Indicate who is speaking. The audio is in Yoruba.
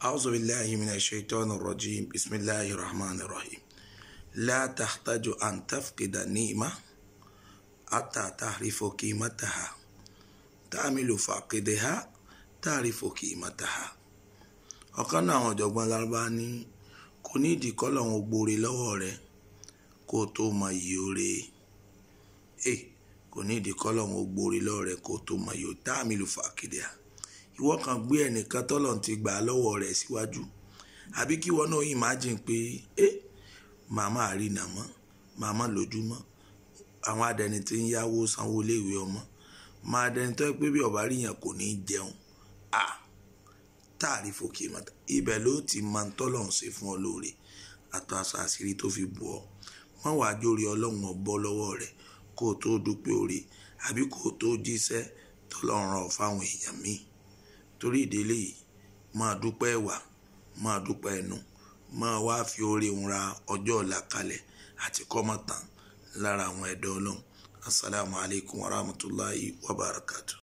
Speaker 1: أعوذ بالله من الشيطان الرجيم بسم الله الرحمن الرحيم لا تحتاج أن تفقد نعمة حتى تعرف قيمتها تعمل فاقدها تعرف قيمتها ọ̀kan náà àwọn ọ̀jọ̀gbọ́n lárúbá ní kò ní ìdí kọ́lọ́hún gbóore lọ́wọ́ rẹ kó o tó mọ iye oore ẹ eh, kò ní ìdí kọ́lọ́hún gbóore lọ́wọ́ rẹ kó o tó mọ iye oore tá àmì lù fàkìdíà ìwọ kan gbé ẹnìkan tọ́lọ̀ ti gbà lọ́wọ́ rẹ̀ síwájú àbí kí wọn náà imagine pé ẹ màmá àrínà mọ́ màmá lójúmọ́ àwọn adẹni tí ń yáwó sanwó iléèwé ọmọ máa dẹni tó pé bí ọba ríyàn kò ní í jẹun à táàrí fòkè mọ́ta ibẹ̀ ló ti máa ń tọ́lọ̀ ṣe fún ọ lóore àtọ́ aṣọ àṣírí tó fi bù ọ́ wọ́n wàá jórí ọlọ́run ọbọ̀ lọ́wọ́ rẹ̀ kó o tó dúpẹ́ orí àbí kó o tó jíṣẹ́ tọ́lọ́run ọ̀ èèyàn míì torí ìdílé yìí máa dúpẹ́ ẹ̀wà máa dúpẹ́ ẹnu máa wá fi oore ń ra
Speaker 2: ọjọ́ ọ̀la kalẹ̀ àti kọ́mọ̀tàn lára àwọn ẹ̀dọ́ ọlọ́run asalaamualeykum wa rahmatulahi wa barakatu.